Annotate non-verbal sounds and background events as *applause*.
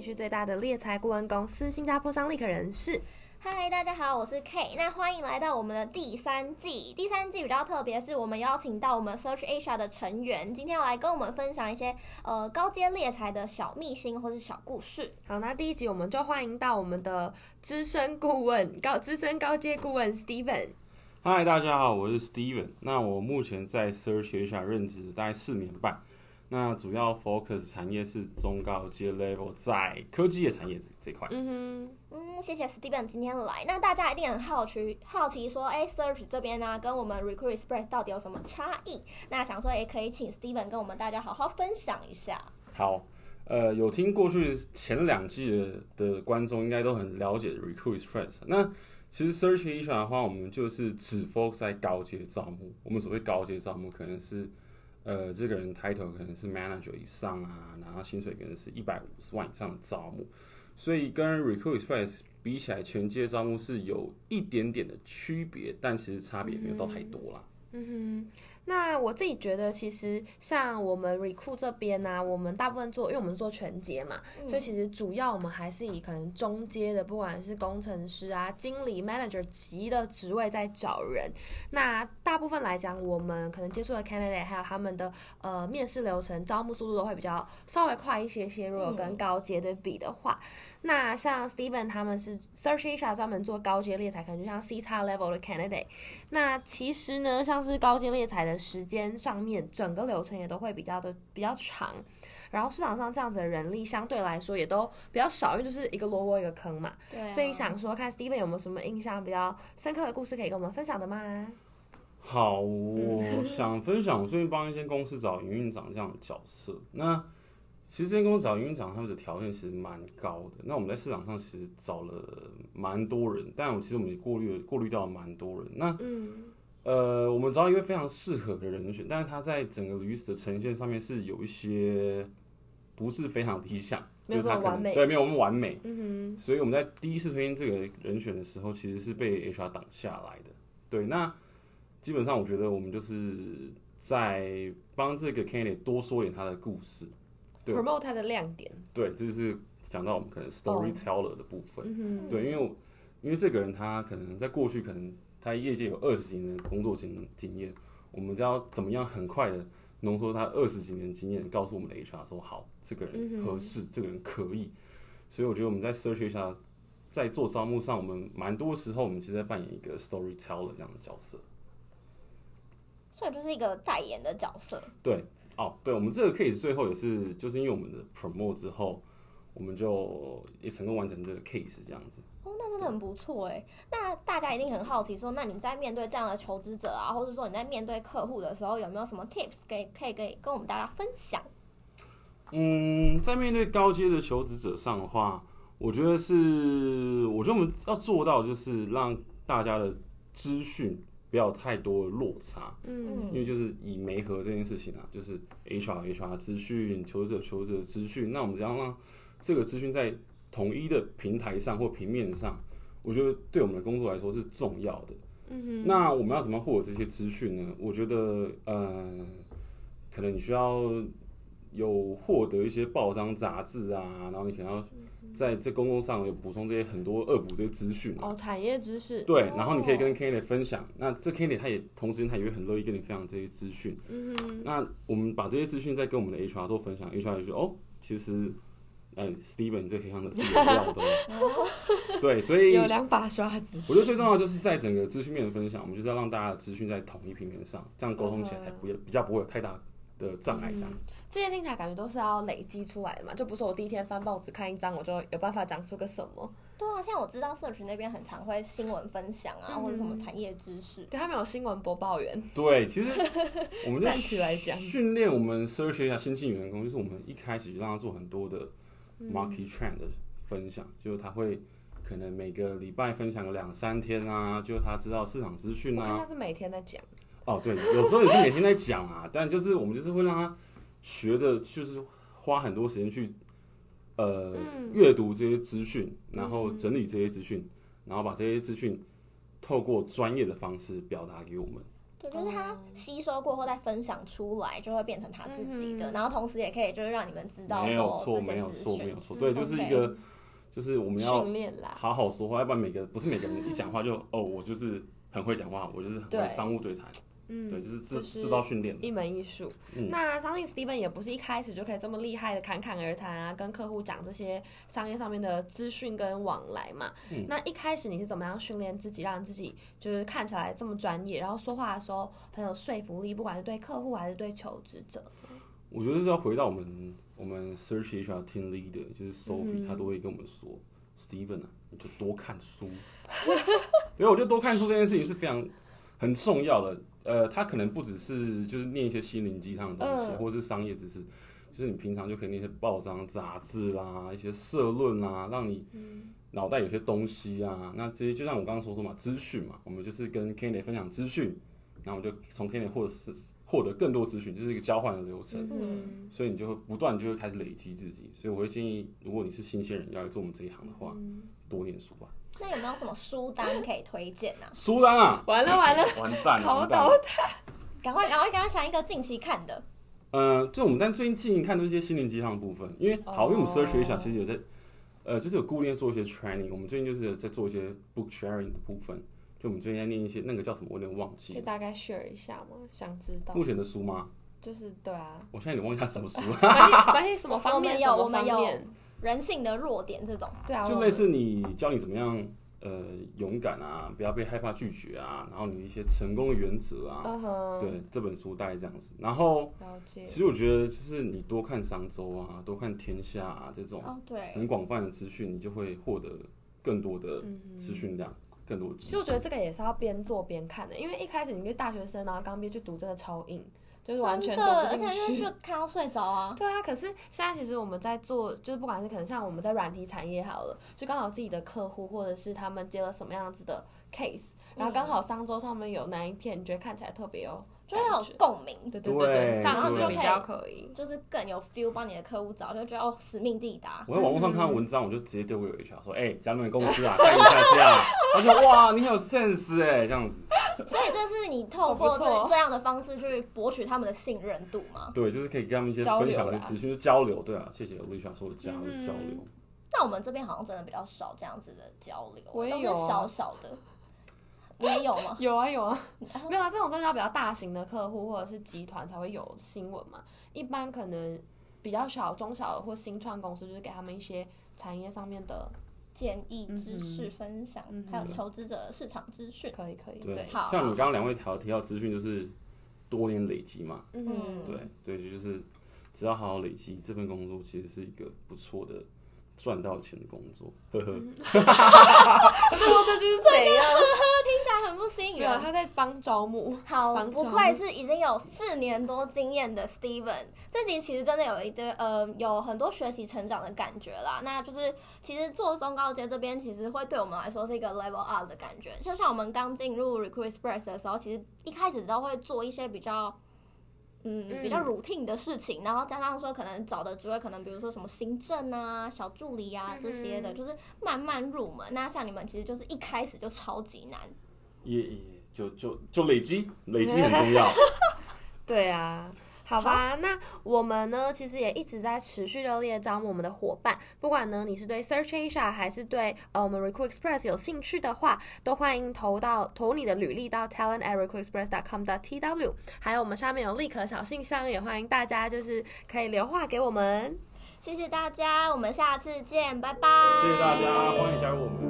地區最大的獵才顧問公司新加坡商立可人事。嗨，大家好，我是 K，那歡迎來到我們的第三季。第三季比較特別是我們邀請到我們 Search Asia 的成員，今天要來跟我們分享一些呃高階獵才的小秘辛或是小故事。好，那第一集我們就歡迎到我們的資深顧問高資深高階顧問 Steven。嗨，大家好，我是 Steven，那我目前在 Search Asia 任職大概四年半。那主要 focus 產業是中高階 level 在科技的產業這這塊。嗯哼，嗯，謝謝 Steven 今天來。那大家一定很好奇，好奇說，哎，Search 這邊呢、啊、跟我們 Recruit Express 到底有什麼差異？那想說，也可以請 Steven 跟我們大家好好分享一下。好，呃，有聽過去前兩季的觀眾應該都很了解 Recruit Express，那其實 Search 這邊的話，我們就是只 focus 在高階招募，我們所謂高階招募可能是。呃，這個人 title 可能是 manager 以上啊，然後薪水可能是一百五十萬以上的招募，所以跟 Recruit Express 比起來，全職招募是有一點點的區別，但其實差別沒有到太多啦。嗯，嗯哼。那我自己覺得，其實像我們 Recruit 這邊啊，我們大部分做，因為我們是做全階嘛、嗯，所以其實主要我們還是以可能中階的，不管是工程師啊、經理、Manager 級的職位在找人。那大部分來講，我們可能接觸的 Candidate 還有他們的呃面試流程、招募速度都會比較稍微快一些些。如果跟高階的比的話，嗯、那像 Steven 他們是 SearchAsia 專門做高階獵才，可能就像 CX Level 的 Candidate。那其實呢，像是高階獵才的。時間上面，整個流程也都會比較的比較長，然後市場上這樣子的人力相對來說也都比較少，因為就是一個蘿蔔一個坑嘛。對啊。所以想說看 Steven 有沒有什麼印象比較深刻的故事可以跟我們分享的嗎？好，我想分享我最近幫一間公司找營運長這樣的角色。 *laughs* 那其實這間公司找營運長他們的條件其實蠻高的。那我們在市場上其實找了蠻多人，但我其實我們也過濾過濾到了蠻多人。那嗯。呃，我們找到一個非常適合的人選，但是他在整個履歷的呈現上面是有一些不是非常理想，就是他可能對沒有那麼完美，嗯，所以我們在第一次推薦這個人選的時候，其實是被 HR 擋下來的。對，那基本上我覺得我們就是在幫這個 candidate 多說點他的故事，對，promote 他的亮點，對，就是講到我們可能 storyteller 的部分，哦嗯，對，因為因為這個人他可能在過去可能。他業界有二十幾年工作經驗，我們就要怎麼樣很快的濃縮他二十幾年經驗，告訴我們的 HR 說，好，這個人合適、嗯，這個人可以。所以我覺得我們在 SearchAsia，在做招募上，我們蠻多時候我們其實在扮演一個 storyteller 這樣的角色，所以就是一個代言的角色。對，哦，對，我們這個 case 最後也是就是因為我們的 promote 之後。我們就也成功完成這個 case 這樣子。哦，那真的很不錯哎。那大家一定很好奇說，說那你在面對這樣的求職者啊，或者說你在面對客戶的時候，有沒有什麼 tips 可以可以給跟我們大家分享？嗯，在面對高階的求職者上的話，我覺得是，我覺得我們要做到就是讓大家的資訊不要有太多的落差。嗯嗯，因為就是以媒合這件事情啊，就是 HR HR 資訊，求職者求職者資訊，那我們這樣讓這個資訊在統一的平台上或平面上，我覺得對我們的工作來說是重要的。嗯哼。那我們要怎麼獲得這些資訊呢？我覺得，呃，可能你需要有獲得一些報章雜誌啊，然後你想要在這公共上有補充這些很多惡補這些資訊。哦，產業知識。對，哦、然後你可以跟 Kandy 分享，那這 Kandy 他也同時他也會很樂意跟你分享這些資訊。嗯哼。那我們把這些資訊再跟我們的 HR 做分享，HR、嗯、就說哦，其實。嗯，Steven 這黑框的是不要 *laughs* 對，所以有兩把刷子。我覺得最重要就是在整個資訊面的分享， *laughs* 我們就是要讓大家資訊在同一平面上，這樣溝通起來才不會，比較不會有太大的障礙。這樣子這些、嗯、聽起來感覺都是要累積出來的嘛，就不是我第一天翻報紙看一張，我就有辦法講出個什麼。對啊，現在像我知道社群那邊很常會新聞分享啊，嗯、或者什麼產業知識。對他沒有新聞播報員。對，其實我們就站起來講。訓練我們 search 一下新進員工，就是我們一開始就讓他做很多的。market trend 的分享，嗯、就是他會可能每個禮拜分享兩三天啊，就他知道市場資訊啊。我看他是每天在講。哦，對，有時候也是每天在講啊， *laughs* 但就是我們就是會讓他學着，就是花很多時間去呃閱、嗯、讀這些資訊，然後整理這些資訊，嗯、然後把這些資訊，然後把這些資訊透過專業的方式表達給我們。對，就是他吸收過後再分享出來，就會變成他自己的、嗯。然後同時也可以就是讓你們知道說這些資訊沒有錯，沒有錯，沒有錯、嗯。對，就是一個就是我們要訓練好好說話，okay. 要不然每個不是每個人一講話就 *laughs* 哦，我就是很會講話，我就是很會商務對談。對嗯，對，就是知道訓練一門藝術、嗯。那相信 Steven 也不是一開始就可以這麼厲害的侃侃而談啊，跟客戶講這些商業上面的資訊跟往來嘛、嗯。那一開始你是怎麼樣訓練自己，讓自己就是看起來這麼專業，然後說話的時候很有說服力，不管是對客戶還是對求職者？我覺得是要回到我們我們 Search HR Team Leader 就是 Sophie，他、嗯、都會跟我們說 Steven 啊，你就多看書，因 *laughs* 為我覺得多看書這件事情是非常很重要的。呃，他可能不只是就是念一些心靈雞湯的東西，嗯、或者是商業知識，就是你平常就可以念一些報章雜誌啦，一些社論啊，讓你腦袋有些東西啊。嗯、那這些就像我剛剛說說嘛，資訊嘛，我們就是跟 Kenny 分享資訊，然後我們就從 Kenny 或者是獲得更多資訊，就是一個交換的流程。嗯，所以你就會不斷就會開始累積自己。所以我會建議，如果你是新鮮人要來做我們這一行的話，嗯，多念書吧。那有沒有什麼書單可以推薦啊？書單啊，完了，嗯、完了，完蛋了，頭都大。趕快趕快趕快想一個近期看的。 *laughs* 呃，就我們但最近看都是些心靈雞湯的部分，因為好，因為我們 SearchAsia，其實也在呃，就是有固定做一些 training，我們最近就是在做一些 book sharing 的部分。就我們最近該念一些那個叫什麼，我有點忘記。就大概 share 一下嘛，想知道。目前的書嗎？就是對啊。我現在也忘記他什麼書啊？分 *laughs* 析分析什麼方面？ *laughs* 我方面有我們有人性的弱點這種。對啊。就類似你教你怎麼樣呃勇敢啊，不要被害怕拒絕啊，然後你的一些成功的原則啊，uh -huh. 對，這本書大概這樣子。然後其實我覺得就是你多看商周啊，多看天下啊這種，很廣泛的資訊，你就會獲得更多的資訊量。Uh -huh. 其實我覺得這個也是要邊做邊看的，因為一開始你是大學生，然後剛畢業去讀，這個超硬，就是完全讀不進去。而且因為就看到睡着啊。對啊，可是現在其實我們在做，就是不管是可能像我們在軟體產業好了，就剛好自己的客戶或者是他們接了什麼樣子的 case，然後剛好商周上面有哪一篇，你覺得看起來特別哦。嗯所以要有共鳴，對對對對，對對這樣你就可以，就是更有 feel，幫你的客戶找，就覺得哦，使命必達。我在網絡上看文章，嗯，我就直接丟給一雪說，哎，嗯，加、欸、裡面公司啊，感謝感謝啊，而 *laughs* 且哇，你很有 sense 誒，欸，這樣子。所以這是你透過這，哦、這樣的方式去博取他們的信任度嗎？對，就是可以跟他們一些分享一些資訊，交流，啊，對啊，謝謝就想說的這樣的交流。那我們這邊好像真的比較少這樣子的交流，我都是小小的。也有嗎？ *laughs* 有啊有啊，啊，沒有啊，這種真的要比較大型的客戶或者是集團才會有新聞嘛。一般可能比較小、中小的或新創公司，就是給他們一些產業上面的建議、知識分享，嗯嗯還有求職者市場資訊、嗯嗯。可以可以，對，對好像你剛剛兩位調提到資訊，就是多年累積嘛。嗯，對對，就是只要好好累積，這份工作其實是一個不錯的賺到錢的工作。呵哈哈哈哈哈，對，我這就是這樣。幫招募，好，不愧是已經有四年多經驗的 Steven，這集其實真的有一個呃有很多學習成長的感覺啦。那就是其實做中高階這邊其實會對我們來說是一個 level up 的感覺，就像我們剛進入 Recruit Express 的時候，其實一開始都會做一些比較嗯比較 routine 的事情、嗯，然後加上說可能找的職位可能比如說什麼行政啊、小助理啊這些的、嗯，就是慢慢入門。那像你們其實就是一開始就超級難。耶耶。就就就累積，累積很重要。 *laughs* 對啊，好吧好，那我們呢，其實也一直在持續熱烈招募我們的夥伴，不管呢你是對 Search Asia 還是對呃我們 Recruit Express 有興趣的話，都歡迎投到投你的履歷到 talent@recruitexpress.com.tw 還有我們上面有立可小信箱，也歡迎大家就是可以留話給我們。謝謝大家，我們下次見，拜拜。謝謝大家，歡迎加入我們。